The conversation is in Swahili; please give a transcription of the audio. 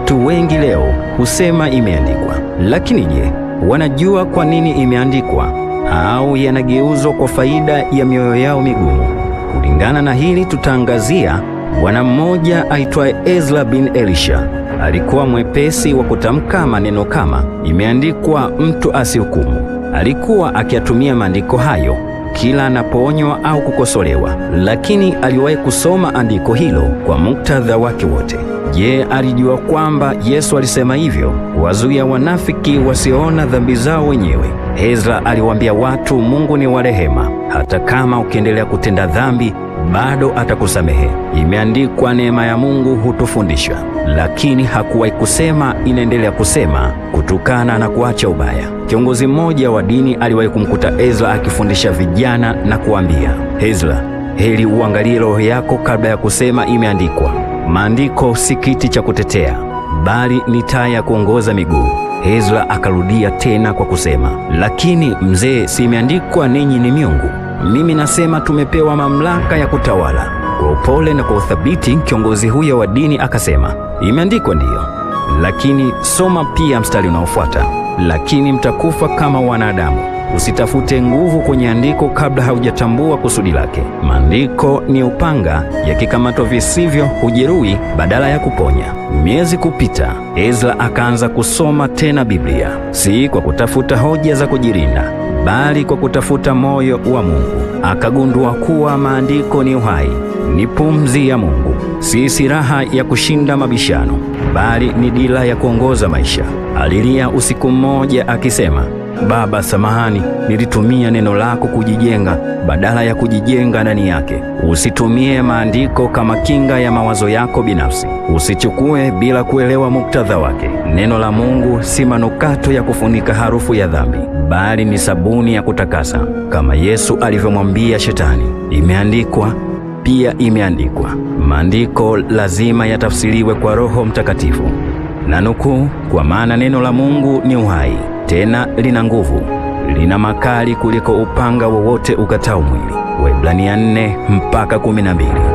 Watu wengi leo husema imeandikwa, lakini je, wanajua kwa nini imeandikwa au yanageuzwa kwa faida ya mioyo yao migumu? Kulingana na hili, tutaangazia bwana mmoja aitwaye Ezra bin Elisha. Alikuwa mwepesi wa kutamka maneno kama imeandikwa, mtu asihukumu. Alikuwa akiyatumia maandiko hayo kila anapoonywa au kukosolewa, lakini aliwahi kusoma andiko hilo kwa muktadha wake wote. Je, alijua kwamba Yesu alisema hivyo wazuia wanafiki wasioona dhambi zao wenyewe? Ezra aliwaambia watu, Mungu ni wa rehema, hata kama ukiendelea kutenda dhambi bado atakusamehe. Imeandikwa, neema ya Mungu hutufundisha. Lakini hakuwahi kusema inaendelea kusema kutukana na kuacha ubaya. Kiongozi mmoja wa dini aliwahi kumkuta Ezra akifundisha vijana na kuambia, Ezra, heri uangalie roho yako kabla ya kusema imeandikwa Maandiko si kiti cha kutetea, bali ni taa ya kuongoza miguu. Ezra akarudia tena kwa kusema, lakini mzee, si imeandikwa ninyi ni miungu? Mimi nasema tumepewa mamlaka ya kutawala. Kwa upole na kwa uthabiti, kiongozi huyo wa dini akasema, imeandikwa ndiyo, lakini soma pia mstari unaofuata, lakini mtakufa kama wanadamu. Usitafute nguvu kwenye andiko kabla haujatambua kusudi lake. Maandiko ni upanga, yakikamatwa visivyo hujeruhi badala ya kuponya. Miezi kupita, Ezra akaanza kusoma tena Biblia, si kwa kutafuta hoja za kujirinda, bali kwa kutafuta moyo wa Mungu. Akagundua kuwa maandiko ni uhai, ni pumzi ya Mungu, si silaha ya kushinda mabishano, bali ni dira ya kuongoza maisha. Alilia usiku mmoja akisema Baba, samahani, nilitumia neno lako kujijenga badala ya kujijenga ndani yake. Usitumie maandiko kama kinga ya mawazo yako binafsi, usichukue bila kuelewa muktadha wake. Neno la Mungu si manukato ya kufunika harufu ya dhambi, bali ni sabuni ya kutakasa, kama Yesu alivyomwambia Shetani, imeandikwa pia imeandikwa. Maandiko lazima yatafsiriwe kwa Roho Mtakatifu na nukuu, kwa maana neno la Mungu ni uhai tena lina nguvu, lina makali kuliko upanga wowote ukatao mwili. Waebrania 4 mpaka 12.